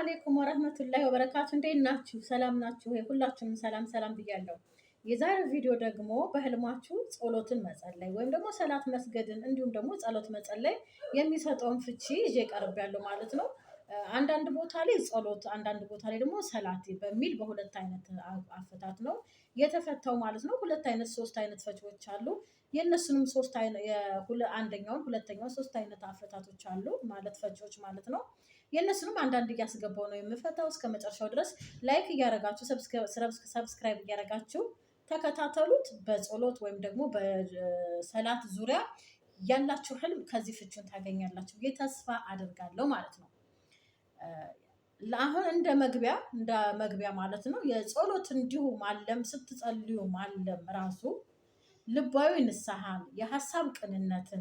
አሌይኩም ወረህመቱላሂ ወበረካቱ። እንዴት ናችሁ? ሰላም ናችሁ? ሁላችሁም ሰላም ሰላም ብያለሁ። የዛሬው ቪዲዮ ደግሞ በህልማችሁ ጸሎትን መጸለይ ወይም ደግሞ ሰላት መስገድን እንዲሁም ደግሞ ጸሎት መጸለይ የሚሰጠውን ፍቺ ይዤ ቀርቤያለሁ ማለት ነው። አንዳንድ ቦታ ላይ ጸሎት፣ አንዳንድ ቦታ ላይ ደግሞ ሰላት በሚል በሁለት አይነት አፈታት ነው የተፈታው ማለት ነው። ሁለት አይነት ሶስት አይነት ፈቺዎች አሉ። የእነሱንም ሶስት አንደኛውን፣ ሁለተኛውን ሶስት አይነት አፈታቶች አሉ ማለት ፈቺዎች ማለት ነው። የእነሱንም አንዳንድ እያስገባው ነው የምፈታው። እስከ መጨረሻው ድረስ ላይክ እያረጋችሁ ሰብስክራይብ እያረጋችሁ ተከታተሉት። በጸሎት ወይም ደግሞ በሰላት ዙሪያ ያላችሁ ህልም ከዚህ ፍቹን ታገኛላችሁ ብዬ ተስፋ አድርጋለሁ ማለት ነው። አሁን እንደ መግቢያ እንደ መግቢያ ማለት ነው የጸሎት እንዲሁ ማለም ስትጸልዩ ማለም ራሱ ልባዊ ንስሐን፣ የሀሳብ ቅንነትን፣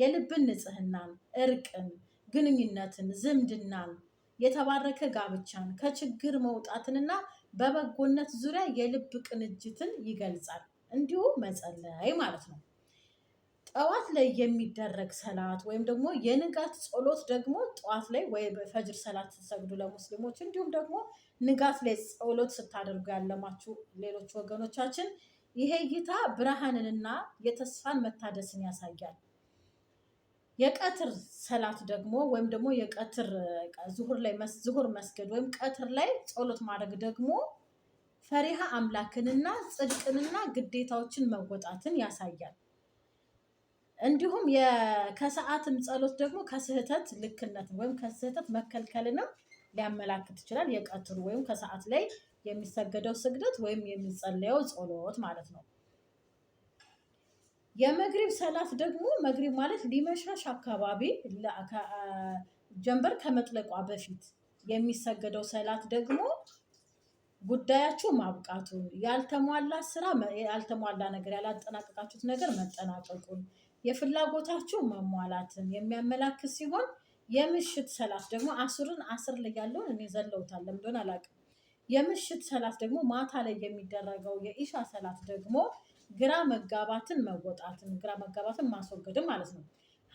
የልብን ንጽህናን፣ እርቅን ግንኙነትን፣ ዝምድናን፣ የተባረከ ጋብቻን፣ ከችግር መውጣትንና በበጎነት ዙሪያ የልብ ቅንጅትን ይገልጻል። እንዲሁ መጸለይ ማለት ነው። ጠዋት ላይ የሚደረግ ሰላት ወይም ደግሞ የንጋት ጸሎት ደግሞ ጠዋት ላይ ወይ በፈጅር ሰላት ስትሰግዱ ለሙስሊሞች፣ እንዲሁም ደግሞ ንጋት ላይ ጸሎት ስታደርጉ ያለማችሁ ሌሎች ወገኖቻችን ይሄ እይታ ብርሃንንና የተስፋን መታደስን ያሳያል። የቀትር ሰላት ደግሞ ወይም ደግሞ የቀትር ዙሁር ላይ ዙሁር መስገድ ወይም ቀትር ላይ ጸሎት ማድረግ ደግሞ ፈሪሃ አምላክንና ጽድቅንና ግዴታዎችን መወጣትን ያሳያል። እንዲሁም ከሰዓትም ጸሎት ደግሞ ከስህተት ልክነትን ወይም ከስህተት መከልከልንም ሊያመላክት ይችላል። የቀትሩ ወይም ከሰዓት ላይ የሚሰገደው ስግደት ወይም የሚጸለየው ጸሎት ማለት ነው። የመግሪብ ሰላት ደግሞ መግሪብ ማለት ሊመሻሽ አካባቢ ጀንበር ከመጥለቋ በፊት የሚሰገደው ሰላት ደግሞ ጉዳያችሁ ማብቃቱን ያልተሟላ ስራ ያልተሟላ ነገር ያላጠናቀቃችሁት ነገር መጠናቀቁን የፍላጎታችሁ መሟላትን የሚያመላክት ሲሆን የምሽት ሰላት ደግሞ አስሩን አስር ላይ ያለውን እኔ ዘለውታል ለምዶን አላውቅም። የምሽት ሰላት ደግሞ ማታ ላይ የሚደረገው የኢሻ ሰላት ደግሞ ግራ መጋባትን መወጣትን ግራ መጋባትን ማስወገድን ማለት ነው።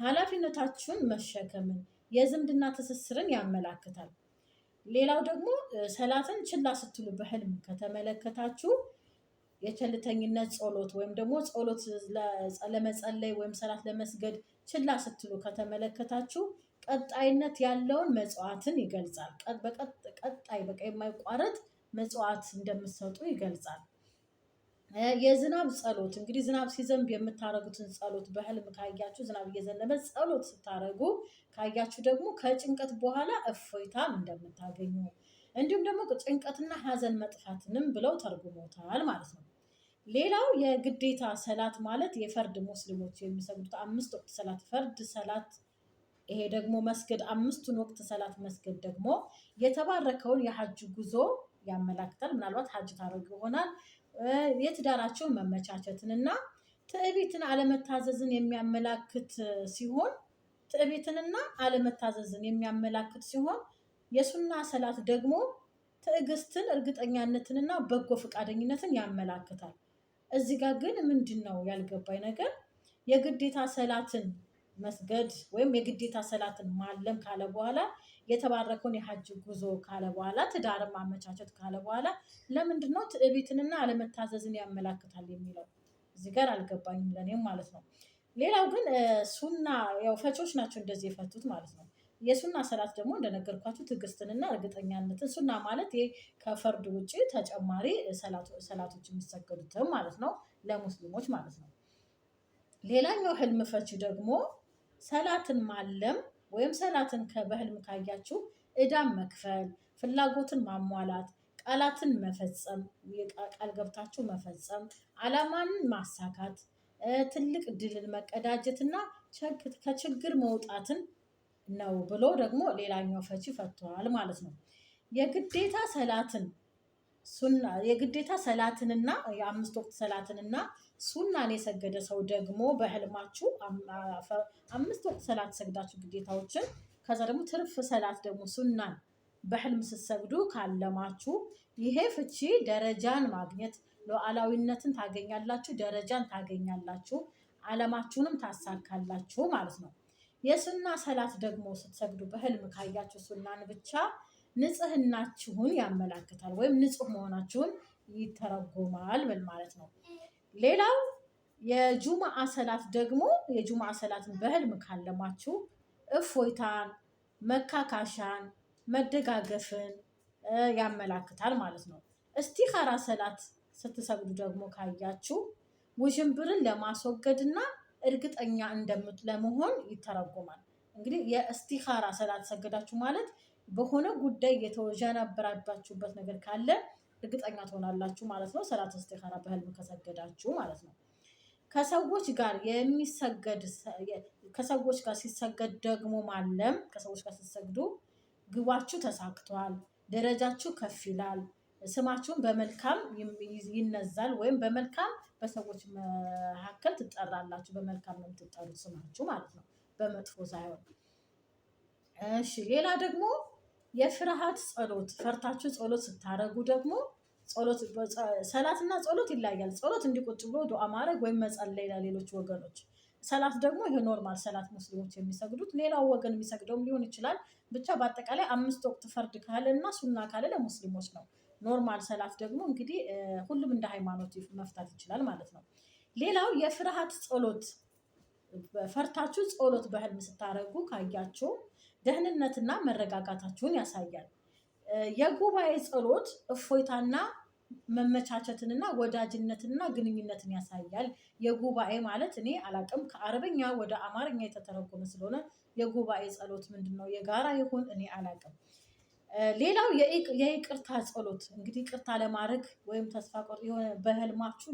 ኃላፊነታችሁን መሸከምን የዝምድና ትስስርን ያመላክታል። ሌላው ደግሞ ሰላትን ችላ ስትሉ በህልም ከተመለከታችሁ የቸልተኝነት ጸሎት ወይም ደግሞ ጸሎት ለመጸለይ ወይም ሰላት ለመስገድ ችላ ስትሉ ከተመለከታችሁ ቀጣይነት ያለውን መጽዋዕትን ይገልጻል። ቀጣይ በቃ የማይቋረጥ መጽዋት እንደምትሰጡ ይገልጻል። የዝናብ ጸሎት እንግዲህ ዝናብ ሲዘንብ የምታደርጉትን ጸሎት በህልም ካያችሁ ዝናብ እየዘነበ ጸሎት ስታደርጉ ካያችሁ ደግሞ ከጭንቀት በኋላ እፎይታን እንደምታገኙ እንዲሁም ደግሞ ጭንቀትና ሀዘን መጥፋትንም ብለው ተርጉሞታል ማለት ነው። ሌላው የግዴታ ሰላት ማለት የፈርድ ሙስሊሞች የሚሰግዱት አምስት ወቅት ሰላት ፈርድ ሰላት ይሄ ደግሞ መስገድ አምስቱን ወቅት ሰላት መስገድ ደግሞ የተባረከውን የሀጅ ጉዞ ያመላክታል። ምናልባት ሀጅ ታደርግ ይሆናል የትዳራቸውን መመቻቸትን እና ትዕቢትን አለመታዘዝን የሚያመላክት ሲሆን ትዕቢትንና አለመታዘዝን የሚያመላክት ሲሆን የሱና ሰላት ደግሞ ትዕግስትን፣ እርግጠኛነትንና በጎ ፈቃደኝነትን ያመላክታል። እዚህ ጋር ግን ምንድን ነው ያልገባኝ ነገር የግዴታ ሰላትን መስገድ ወይም የግዴታ ሰላትን ማለም ካለ በኋላ የተባረከውን የሀጅ ጉዞ ካለ በኋላ ትዳርን ማመቻቸት ካለ በኋላ ለምንድን ነው ትዕቢትንና አለመታዘዝን ያመላክታል የሚለው እዚህ ጋር አልገባኝም፣ ለእኔም ማለት ነው። ሌላው ግን ሱና ያው ፈቾች ናቸው እንደዚህ የፈቱት ማለት ነው። የሱና ሰላት ደግሞ እንደነገርኳችሁ ትዕግስትንና እርግጠኛነትን ሱና ማለት ይሄ ከፈርድ ውጭ ተጨማሪ ሰላቶች የሚሰገዱትም ማለት ነው፣ ለሙስሊሞች ማለት ነው። ሌላኛው ህልም ፈቺ ደግሞ ሰላትን ማለም ወይም ሰላትን በህልም ካያችሁ እዳም መክፈል፣ ፍላጎትን ማሟላት፣ ቃላትን መፈጸም፣ ቃል ገብታችሁ መፈጸም፣ አላማን ማሳካት፣ ትልቅ ድልን ና ከችግር መውጣትን ነው ብሎ ደግሞ ሌላኛው ፈቺ ፈቷል ማለት ነው። የግዴታ ሰላትን ሱና የግዴታ ሰላትንና የአምስት ወቅት ሰላትንና ሱናን የሰገደ ሰው ደግሞ በህልማችሁ አምስት ወቅት ሰላት ሰግዳችሁ ግዴታዎችን ከዛ ደግሞ ትርፍ ሰላት ደግሞ ሱናን በህልም ስትሰግዱ ካለማችሁ ይሄ ፍቺ ደረጃን ማግኘት ሉዓላዊነትን ታገኛላችሁ፣ ደረጃን ታገኛላችሁ፣ አለማችሁንም ታሳካላችሁ ማለት ነው። የሱና ሰላት ደግሞ ስትሰግዱ በህልም ካያችሁ ሱናን ብቻ ንጽህናችሁን ያመላክታል ወይም ንጹህ መሆናችሁን ይተረጎማል ማለት ነው። ሌላው የጁማአ ሰላት ደግሞ የጁማአ ሰላትን በህልም ካለማችሁ እፎይታን፣ መካካሻን፣ መደጋገፍን ያመላክታል ማለት ነው። እስቲኻራ ሰላት ስትሰግዱ ደግሞ ካያችሁ ውዥንብርን ለማስወገድ እና እርግጠኛ እንደምት ለመሆን ይተረጎማል። እንግዲህ የእስቲኻራ ሰላት ሰገዳችሁ ማለት በሆነ ጉዳይ የተወዣናበራባችሁበት ነገር ካለ እርግጠኛ ትሆናላችሁ ማለት ነው። ሰላት ኢስቲኻራ በህልም ከሰገዳችሁ ማለት ነው። ከሰዎች ጋር የሚሰገድ ከሰዎች ጋር ሲሰገድ ደግሞ ማለም ከሰዎች ጋር ሲሰግዱ ግባችሁ ተሳክቷል፣ ደረጃችሁ ከፍ ይላል፣ ስማችሁን በመልካም ይነዛል፣ ወይም በመልካም በሰዎች መካከል ትጠራላችሁ። በመልካም ነው የምትጠሩት ስማችሁ ማለት ነው፣ በመጥፎ ሳይሆን። እሺ ሌላ ደግሞ የፍርሃት ጸሎት ፈርታችሁ ጸሎት ስታደረጉ ደግሞ ሰላትና ጸሎት ይለያል። ጸሎት እንዲቆጭ ብሎ ዱዓ ማድረግ ወይም መጸለይ ለሌሎች ወገኖች፣ ሰላት ደግሞ ይሄ ኖርማል ሰላት ሙስሊሞች የሚሰግዱት ሌላው ወገን የሚሰግደውም ሊሆን ይችላል። ብቻ በአጠቃላይ አምስት ወቅት ፈርድ ካለ እና ሱና ካለ ለሙስሊሞች ነው። ኖርማል ሰላት ደግሞ እንግዲህ ሁሉም እንደ ሃይማኖት መፍታት ይችላል ማለት ነው። ሌላው የፍርሃት ጸሎት ፈርታችሁ ጸሎት በህልም ስታደረጉ ካያቸው። ደህንነትና መረጋጋታችሁን ያሳያል። የጉባኤ ጸሎት እፎይታና መመቻቸትንና ወዳጅነትንና ግንኙነትን ያሳያል። የጉባኤ ማለት እኔ አላቅም ከአረበኛ ወደ አማርኛ የተተረጎመ ስለሆነ የጉባኤ ጸሎት ምንድን ነው? የጋራ ይሁን እኔ አላቅም። ሌላው የይቅርታ ጸሎት እንግዲህ ይቅርታ ለማድረግ ወይም ተስፋ ቆርጥ የሆነ በህልማችሁ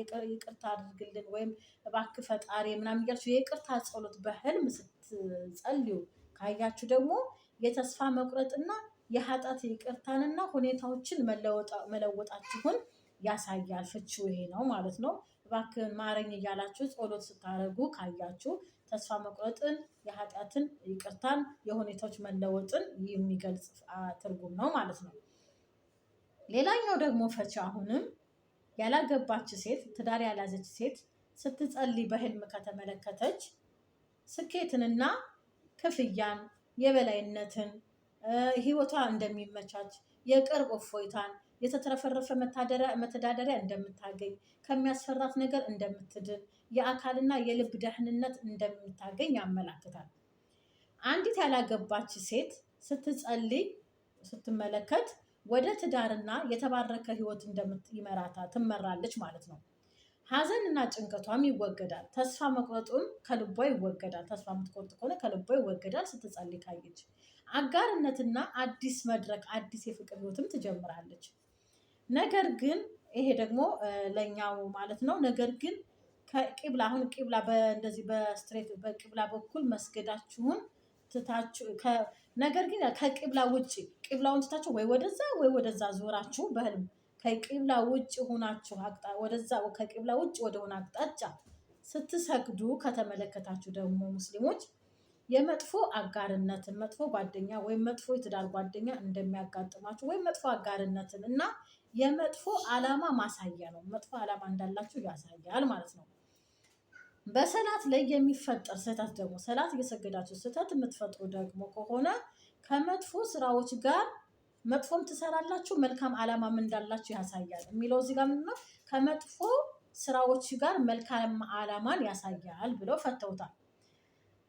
ይቅርታ አድርግልን ወይም እባክህ ፈጣሪ ምናምን እያልችሁ የይቅርታ ጸሎት በህልም ስትጸልዩ ካያችሁ ደግሞ የተስፋ መቁረጥና የኃጢአት ይቅርታንና ሁኔታዎችን መለወጣችሁን ያሳያል። ፍቺው ይሄ ነው ማለት ነው። እባክህን ማረኝ እያላችሁ ጸሎት ስታደርጉ ካያችሁ ተስፋ መቁረጥን፣ የኃጢአትን ይቅርታን፣ የሁኔታዎች መለወጥን የሚገልጽ ትርጉም ነው ማለት ነው። ሌላኛው ደግሞ ፈቺ አሁንም ያላገባች ሴት ትዳር ያላዘች ሴት ስትጸልይ በህልም ከተመለከተች ስኬትንና ክፍያን፣ የበላይነትን፣ ህይወቷ እንደሚመቻች፣ የቅርብ እፎይታን፣ የተትረፈረፈ መተዳደሪያ እንደምታገኝ፣ ከሚያስፈራት ነገር እንደምትድን፣ የአካልና የልብ ደህንነት እንደምታገኝ ያመላክታል። አንዲት ያላገባች ሴት ስትጸልይ ስትመለከት ወደ ትዳርና የተባረከ ህይወት ይመራታ ትመራለች ማለት ነው። እና ጭንቀቷም ይወገዳል። ተስፋ መቁረጡም ከልቧ ይወገዳል። ተስፋ የምትቆርጥ ከሆነ ከልቧ ይወገዳል። ስትጸልይ ካየች አጋርነትና አዲስ መድረክ አዲስ የፍቅር ህይወትም ትጀምራለች። ነገር ግን ይሄ ደግሞ ለእኛው ማለት ነው። ነገር ግን ከቂብላ አሁን ቂብላ እንደዚህ በስትሬት በቂብላ በኩል መስገዳችሁን ትታችሁ ነገር ግን ከቂብላ ውጭ ቂብላውን ትታችሁ ወይ ወደዛ ወይ ወደዛ ዞራችሁ በህልም ከቂብላ ውጭ ሆናችሁ ወደዛ ከቂብላ ውጭ ወደሆነ አቅጣጫ ስትሰግዱ ከተመለከታችሁ ደግሞ ሙስሊሞች የመጥፎ አጋርነትን መጥፎ ጓደኛ ወይም መጥፎ የትዳር ጓደኛ እንደሚያጋጥማችሁ ወይም መጥፎ አጋርነትን እና የመጥፎ ዓላማ ማሳያ ነው። መጥፎ ዓላማ እንዳላችሁ ያሳያል ማለት ነው። በሰላት ላይ የሚፈጠር ስህተት ደግሞ ሰላት እየሰገዳችሁ ስህተት የምትፈጥሩ ደግሞ ከሆነ ከመጥፎ ስራዎች ጋር መጥፎም ትሰራላችሁ መልካም አላማም እንዳላችሁ ያሳያል የሚለው እዚህ ጋር ምንድነው? ከመጥፎ ስራዎች ጋር መልካም አላማን ያሳያል ብለው ፈተውታል።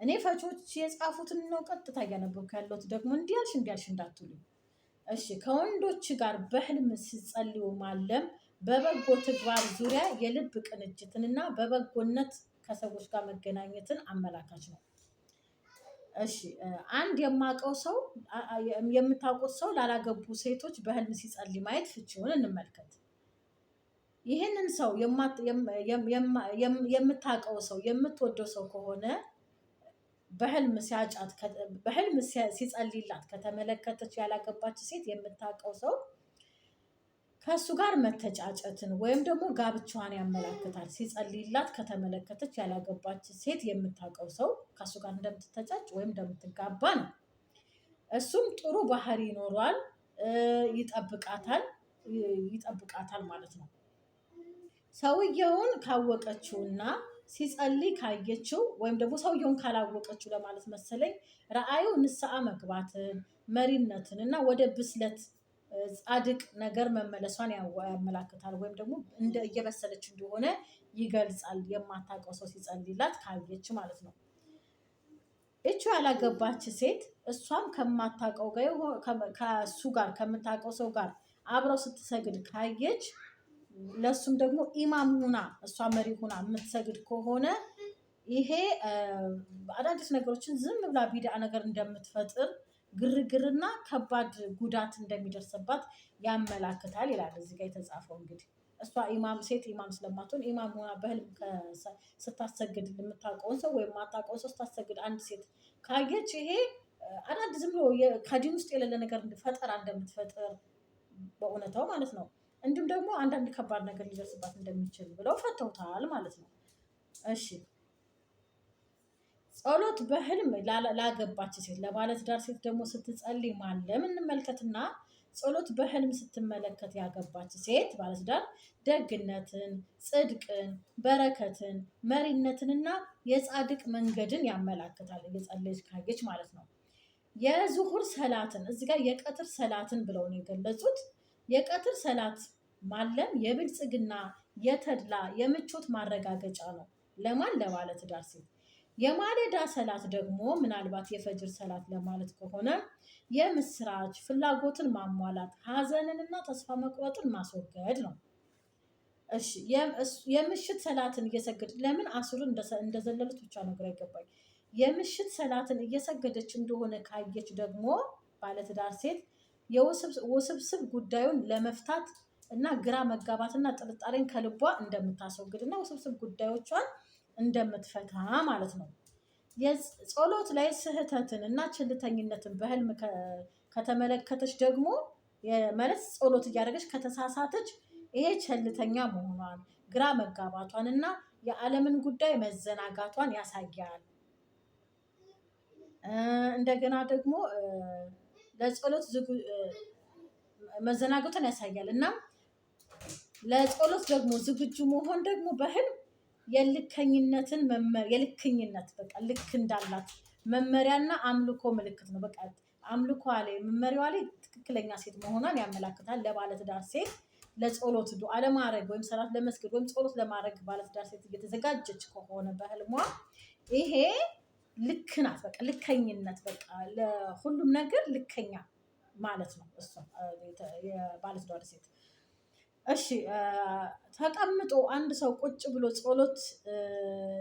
እኔ ፈቾች የጻፉትን ነው ቀጥታ እያነበብኩ ያለሁት። ደግሞ እንዲያልሽ እንዲያልሽ እንዳትሉ እሺ። ከወንዶች ጋር በህልም ስጸልዩ ማለም በበጎ ተግባር ዙሪያ የልብ ቅንጅትንና በበጎነት ከሰዎች ጋር መገናኘትን አመላካች ነው። እሺ አንድ የማውቀው ሰው የምታውቁት ሰው ላላገቡ ሴቶች በህልም ሲጸልይ ማየት ፍቺውን እንመልከት። ይህንን ሰው የምታውቀው ሰው የምትወደው ሰው ከሆነ በህልም ሲያጫት በህልም ሲጸልይላት ከተመለከተች ያላገባች ሴት የምታውቀው ሰው ከእሱ ጋር መተጫጨትን ወይም ደግሞ ጋብቻዋን ያመላክታል። ሲጸልይላት ከተመለከተች ያላገባች ሴት የምታውቀው ሰው ከእሱ ጋር እንደምትተጫጭ ወይም እንደምትጋባ ነው። እሱም ጥሩ ባህሪ ይኖሯል፣ ይጠብቃታል ይጠብቃታል ማለት ነው። ሰውየውን ካወቀችውና ሲጸልይ ካየችው ወይም ደግሞ ሰውየውን ካላወቀችው ለማለት መሰለኝ፣ ረአዩ ንስሐ መግባትን መሪነትን እና ወደ ብስለት ጻድቅ ነገር መመለሷን ያመላክታል። ወይም ደግሞ እንደ እየበሰለች እንደሆነ ይገልጻል። የማታውቀው ሰው ሲጸልይላት ካየች ማለት ነው። እቹ ያላገባች ሴት እሷም ከማታውቀው ከሱ ጋር ከምታውቀው ሰው ጋር አብረው ስትሰግድ ካየች ለእሱም ደግሞ ኢማም ሁና እሷ መሪ ሁና የምትሰግድ ከሆነ ይሄ አዳዲስ ነገሮችን ዝም ብላ ቢዳ ነገር እንደምትፈጥር ግርግርና ከባድ ጉዳት እንደሚደርስባት ያመላክታል ይላል እዚህ ጋር የተጻፈው እንግዲህ እሷ ኢማም ሴት ኢማም ስለማትሆን ኢማም ሆና በህልም ስታሰግድ የምታውቀውን ሰው ወይም ማታቀውን ሰው ስታሰግድ አንድ ሴት ካየች ይሄ አዳዲስ ዝም ብሎ ከዲን ውስጥ የሌለ ነገር ፈጠራ እንደምትፈጥር በእውነታው ማለት ነው። እንዲሁም ደግሞ አንዳንድ ከባድ ነገር ሊደርስባት እንደሚችል ብለው ፈተውታል ማለት ነው። እሺ ጸሎት በህልም ላገባች ሴት ለባለትዳር ሴት ደግሞ ስትጸልይ ማለም እንመልከትና ጸሎት በህልም ስትመለከት ያገባች ሴት ባለትዳር ደግነትን፣ ጽድቅን፣ በረከትን፣ መሪነትንና የጻድቅ መንገድን ያመላክታል። እየጸለየች ካየች ማለት ነው። የዙሁር ሰላትን እዚህ ጋር የቀትር ሰላትን ብለው ነው የገለጹት። የቀትር ሰላት ማለም የብልጽግና የተድላ የምቾት ማረጋገጫ ነው። ለማን? ለባለትዳር ሴት የማለዳ ሰላት ደግሞ ምናልባት የፈጅር ሰላት ለማለት ከሆነ የምስራች ፍላጎትን ማሟላት ሀዘንንና ተስፋ መቁረጥን ማስወገድ ነው። እሺ የምሽት ሰላትን እየሰገድ ለምን አስሩን እንደዘለሉት ብቻ ነገር አይገባኝ። የምሽት ሰላትን እየሰገደች እንደሆነ ካየች ደግሞ ባለትዳር ሴት የውስብስብ ጉዳዩን ለመፍታት እና ግራ መጋባትና ጥርጣሬን ከልቧ እንደምታስወግድ እና ውስብስብ ጉዳዮቿን እንደምትፈታ ማለት ነው። ጸሎት ላይ ስህተትን እና ችልተኝነትን በህልም ከተመለከተች ደግሞ ማለት ጸሎት እያደረገች ከተሳሳተች ይሄ ቸልተኛ መሆኗን ግራ መጋባቷን እና የዓለምን ጉዳይ መዘናጋቷን ያሳያል። እንደገና ደግሞ ለጸሎት መዘናጋቷን ያሳያል እና ለጸሎት ደግሞ ዝግጁ መሆን ደግሞ በህልም የልከኝነትን የልክኝነት በቃ ልክ እንዳላት መመሪያና አምልኮ ምልክት ነው። በቃ አምልኮ ላይ መመሪያዋ ላይ ትክክለኛ ሴት መሆኗን ያመላክታል። ለባለትዳር ሴት ለጸሎት ዱዓ ለማድረግ ወይም ሰላት ለመስገድ ወይም ጸሎት ለማድረግ ባለትዳር ሴት እየተዘጋጀች ከሆነ በህልሟ ይሄ ልክ ናት። በቃ ልከኝነት በቃ ለሁሉም ነገር ልከኛ ማለት ነው። እሱ የባለትዳር ሴት እሺ ተቀምጦ አንድ ሰው ቁጭ ብሎ ጸሎት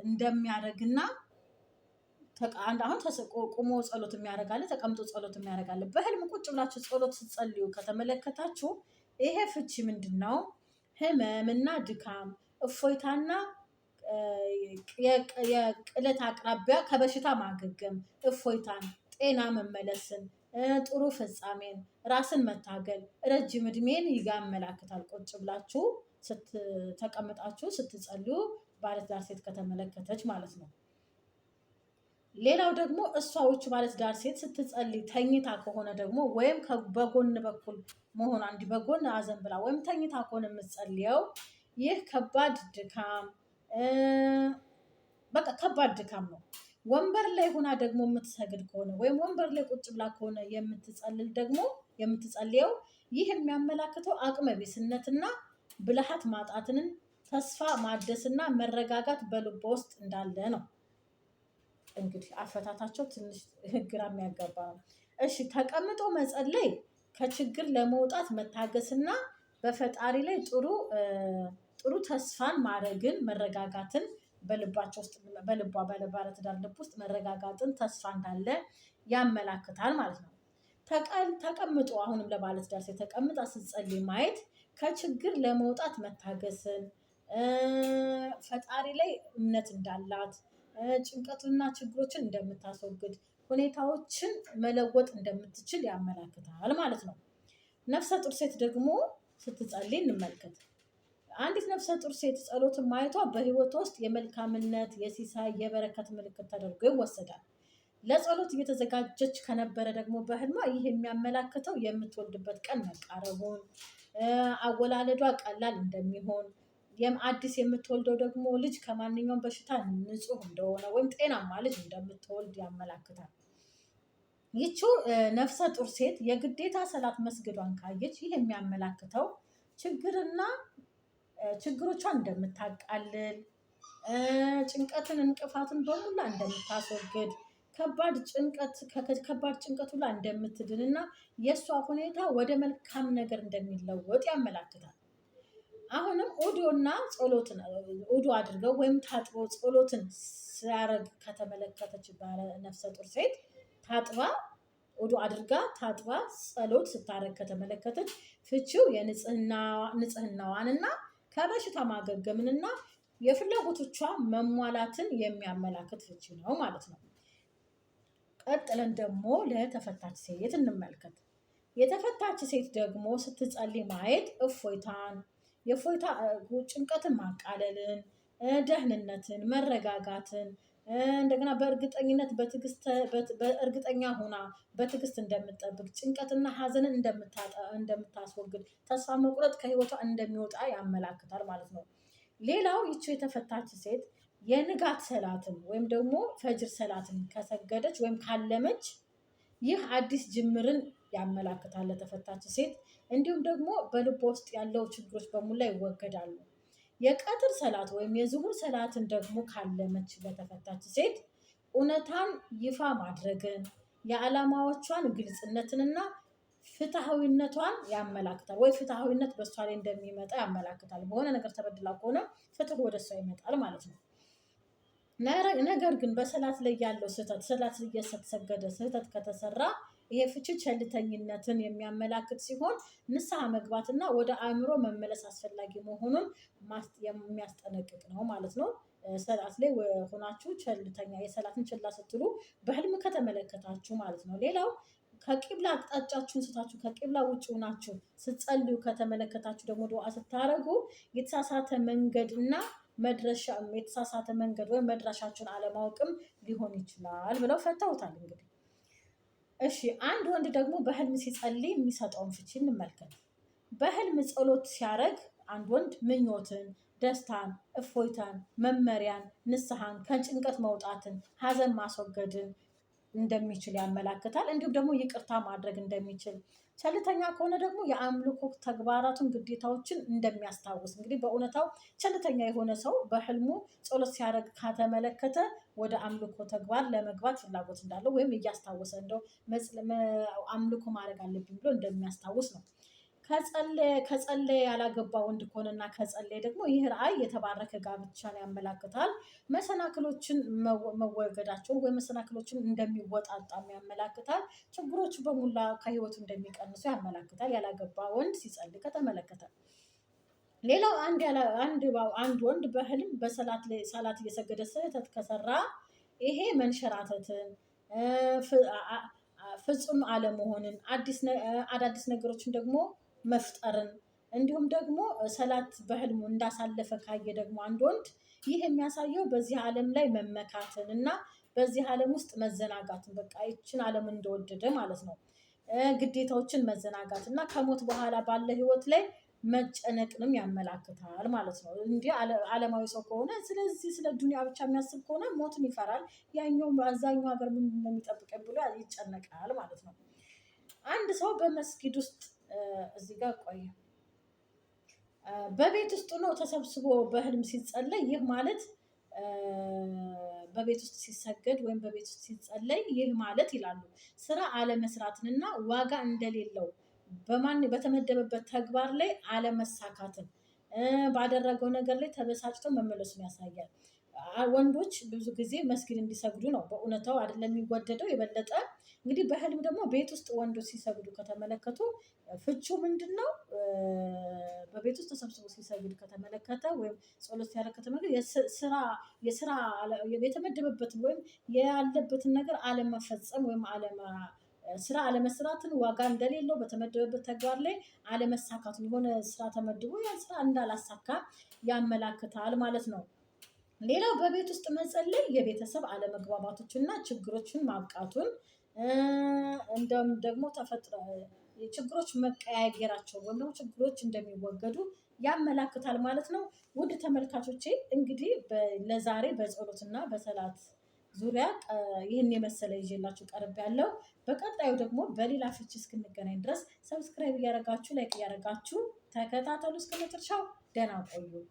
እንደሚያደርግና አሁን ቁሞ ጸሎት የሚያደርጋለ ተቀምጦ ጸሎት የሚያደርጋለ በህልም ቁጭ ብላችሁ ጸሎት ስትጸልዩ ከተመለከታችሁ ይሄ ፍቺ ምንድን ነው? ህመምና ድካም፣ እፎይታና የቅለት አቅራቢያ ከበሽታ ማገገም እፎይታን ጤና መመለስን ጥሩ ፍጻሜን ራስን መታገል ረጅም እድሜን ያመላክታል። ቁጭ ብላችሁ ተቀምጣችሁ ስትጸልዩ ባለትዳር ሴት ከተመለከተች ማለት ነው። ሌላው ደግሞ እሷዎች ባለትዳር ሴት ስትጸልይ ተኝታ ከሆነ ደግሞ ወይም በጎን በኩል መሆኗ እንዲህ በጎን አዘን ብላ ወይም ተኝታ ከሆነ የምትጸልየው ይህ ከባድ ድካም በቃ ከባድ ድካም ነው። ወንበር ላይ ሆና ደግሞ የምትሰግድ ከሆነ ወይም ወንበር ላይ ቁጭ ብላ ከሆነ የምትጸልል ደግሞ የምትጸልየው ይህ የሚያመላክተው አቅመ ቢስነትና ብልሃት ማጣትንን ተስፋ ማደስና መረጋጋት በልቦ ውስጥ እንዳለ ነው። እንግዲህ አፈታታቸው ትንሽ ግራ የሚያጋባ ነው። እሺ ተቀምጦ መጸለይ ከችግር ለመውጣት መታገስና በፈጣሪ ላይ ጥሩ ጥሩ ተስፋን ማድረግን መረጋጋትን በልባቸው ውስጥ በልቧ ባለትዳር ልብ ውስጥ መረጋጋትን ተስፋ እንዳለ ያመላክታል ማለት ነው። ተቀምጦ አሁንም ለባለትዳር ሴት ተቀምጣ ስትጸልይ ማየት ከችግር ለመውጣት መታገስን፣ ፈጣሪ ላይ እምነት እንዳላት፣ ጭንቀትና ችግሮችን እንደምታስወግድ፣ ሁኔታዎችን መለወጥ እንደምትችል ያመላክታል ማለት ነው። ነፍሰ ጡር ሴት ደግሞ ስትጸልይ እንመልከት። አንዲት ነፍሰ ጡር ሴት ጸሎትን ማየቷ በህይወት ውስጥ የመልካምነት የሲሳይ የበረከት ምልክት ተደርጎ ይወሰዳል። ለጸሎት እየተዘጋጀች ከነበረ ደግሞ በህልማ ይህ የሚያመላክተው የምትወልድበት ቀን መቃረቡን፣ አወላለዷ ቀላል እንደሚሆን አዲስ የምትወልደው ደግሞ ልጅ ከማንኛውም በሽታ ንጹህ እንደሆነ ወይም ጤናማ ልጅ እንደምትወልድ ያመላክታል። ይቺ ነፍሰ ጡር ሴት የግዴታ ሰላት መስገዷን ካየች ይህ የሚያመላክተው ችግርና ችግሮቿን እንደምታቃልል፣ ጭንቀትን፣ እንቅፋትን በሙላ እንደምታስወግድ ከባድ ጭንቀት ከባድ ጭንቀት ሁላ እንደምትድን እና የእሷ ሁኔታ ወደ መልካም ነገር እንደሚለወጥ ያመላክታል። አሁንም ኦዶና ጸሎትን ኦዶ አድርገው ወይም ታጥቦ ጸሎትን ሲያረግ ከተመለከተች ባለ ነፍሰ ጡር ሴት ታጥባ ኦዶ አድርጋ ታጥባ ጸሎት ስታረግ ከተመለከተች ፍቺው የንጽህናዋንና ከበሽታ ማገገምንና የፍላጎቶቿ መሟላትን የሚያመላክት ፍቺ ነው ማለት ነው። ቀጥለን ደግሞ ለተፈታች ሴት እንመልከት። የተፈታች ሴት ደግሞ ስትጸልይ ማየት እፎይታን፣ የእፎይታ ጭንቀትን ማቃለልን፣ ደህንነትን፣ መረጋጋትን እንደገና በእርግጠኝነት በእርግጠኛ ሆና በትዕግስት እንደምጠብቅ ጭንቀትና ሐዘንን እንደምታስወግድ ተስፋ መቁረጥ ከህይወቷ እንደሚወጣ ያመላክታል ማለት ነው። ሌላው ይቺ የተፈታች ሴት የንጋት ሰላትን ወይም ደግሞ ፈጅር ሰላትን ከሰገደች ወይም ካለመች ይህ አዲስ ጅምርን ያመላክታል ለተፈታች ሴት። እንዲሁም ደግሞ በልቦ ውስጥ ያለው ችግሮች በሙላ ይወገዳሉ። የቀትር ሰላት ወይም የዙሁር ሰላትን ደግሞ ካለመች ለተፈታች ሴት እውነታን ይፋ ማድረግን የዓላማዎቿን ግልጽነትንና ፍትሐዊነቷን ያመላክታል። ወይ ፍትሐዊነት በእሷ ላይ እንደሚመጣ ያመላክታል። በሆነ ነገር ተበድላ ከሆነ ፍትህ ወደ እሷ ይመጣል ማለት ነው። ነገር ግን በሰላት ላይ ያለው ስህተት ሰላት እየሰገደ ስህተት ከተሰራ ይሄ ፍቺ ቸልተኝነትን የሚያመላክት ሲሆን ንስሐ መግባትና ወደ አእምሮ መመለስ አስፈላጊ መሆኑን የሚያስጠነቅቅ ነው ማለት ነው። ሰላት ላይ ሆናችሁ ቸልተኛ የሰላትን ችላ ስትሉ በህልም ከተመለከታችሁ ማለት ነው። ሌላው ከቂብላ አቅጣጫችሁን ስታችሁ ከቂብላ ውጭ ሆናችሁ ስትጸልዩ ከተመለከታችሁ ደግሞ ድዋ ስታረጉ የተሳሳተ መንገድ እና መድረሻ የተሳሳተ መንገድ ወይም መድረሻችሁን አለማወቅም ሊሆን ይችላል ብለው ፈተውታል እንግዲህ እሺ አንድ ወንድ ደግሞ በህልም ሲጸልይ የሚሰጠውን ፍቺ እንመልከት። በህልም ጸሎት ሲያደርግ አንድ ወንድ ምኞትን፣ ደስታን፣ እፎይታን፣ መመሪያን፣ ንስሐን፣ ከጭንቀት መውጣትን፣ ሀዘን ማስወገድን እንደሚችል ያመላክታል። እንዲሁም ደግሞ ይቅርታ ማድረግ እንደሚችል ቸልተኛ ከሆነ ደግሞ የአምልኮ ተግባራቱን ግዴታዎችን እንደሚያስታውስ እንግዲህ በእውነታው ቸልተኛ የሆነ ሰው በህልሙ ጸሎት ሲያደርግ ከተመለከተ ወደ አምልኮ ተግባር ለመግባት ፍላጎት እንዳለው ወይም እያስታወሰ እንደው አምልኮ ማድረግ አለብኝ ብሎ እንደሚያስታውስ ነው። ከጸለየ ከጸለየ ያላገባ ወንድ ከሆነና ከጸለየ ደግሞ ይህ ራእይ የተባረከ ጋብቻን ያመላክታል። መሰናክሎችን መወገዳቸውን ወይም መሰናክሎችን እንደሚወጣጣም ያመላክታል። ችግሮች በሙላ ከህይወቱ እንደሚቀንሱ ያመላክታል። ያላገባ ወንድ ሲጸልይ ከተመለከተ ሌላው አንድ አንድ ወንድ በህልም በሰላት ሰላት እየሰገደ ስህተት ከሰራ ይሄ መንሸራተትን ፍጹም አለመሆንን አዳዲስ ነገሮችን ደግሞ መፍጠርን እንዲሁም ደግሞ ሰላት በህልሙ እንዳሳለፈ ካየ ደግሞ አንድ ወንድ ይህ የሚያሳየው በዚህ ዓለም ላይ መመካትን እና በዚህ ዓለም ውስጥ መዘናጋትን በቃ ይችን ዓለም እንደወደደ ማለት ነው። ግዴታዎችን መዘናጋት እና ከሞት በኋላ ባለ ህይወት ላይ መጨነቅንም ያመላክታል ማለት ነው። እንዲህ ዓለማዊ ሰው ከሆነ ስለዚህ ስለ ዱኒያ ብቻ የሚያስብ ከሆነ ሞትን ይፈራል። ያኛው አብዛኛው ሀገር ምንድን የሚጠብቀኝ ብሎ ይጨነቃል ማለት ነው። አንድ ሰው በመስጊድ ውስጥ እዚህ ጋር ቆየ። በቤት ውስጥ ነው ተሰብስቦ በህልም ሲጸለይ ይህ ማለት በቤት ውስጥ ሲሰገድ ወይም በቤት ውስጥ ሲጸለይ ይህ ማለት ይላሉ ስራ አለመስራትንና ዋጋ እንደሌለው በማን በተመደበበት ተግባር ላይ አለመሳካትን ባደረገው ነገር ላይ ተበሳጭቶ መመለሱን ያሳያል። ወንዶች ብዙ ጊዜ መስጊድ እንዲሰግዱ ነው በእውነታው አይደለም የሚወደደው የበለጠ እንግዲህ በህልም ደግሞ ቤት ውስጥ ወንዶች ሲሰግዱ ከተመለከቱ ፍቹ ምንድን ነው? በቤት ውስጥ ተሰብስቦ ሲሰግድ ከተመለከተ ወይም ጸሎት ሲያደርግ ከተመለከተ ስራ የስራ የተመደበበትን ወይም ያለበትን ነገር አለመፈጸም ወይም አለማ ስራ አለመስራትን ዋጋ እንደሌለው በተመደበበት ተግባር ላይ አለመሳካቱን የሆነ ስራ ተመድቦ ያን ስራ እንዳላሳካ ያመላክታል ማለት ነው። ሌላው በቤት ውስጥ መጸለይ የቤተሰብ አለመግባባቶችና ችግሮችን ማብቃቱን እንደም ደግሞ ተፈጥሮ ችግሮች መቀያየራቸው ወይም ደግሞ ችግሮች እንደሚወገዱ ያመላክታል ማለት ነው። ውድ ተመልካቾቼ እንግዲህ ለዛሬ በጸሎትና በሰላት ዙሪያ ይህን የመሰለ ይዤላችሁ ቀርብ ያለው። በቀጣዩ ደግሞ በሌላ ፍቺ እስክንገናኝ ድረስ ሰብስክራይብ እያደረጋችሁ ላይክ እያደረጋችሁ ተከታተሉ እስከ መጨረሻው። ደህና ቆዩ።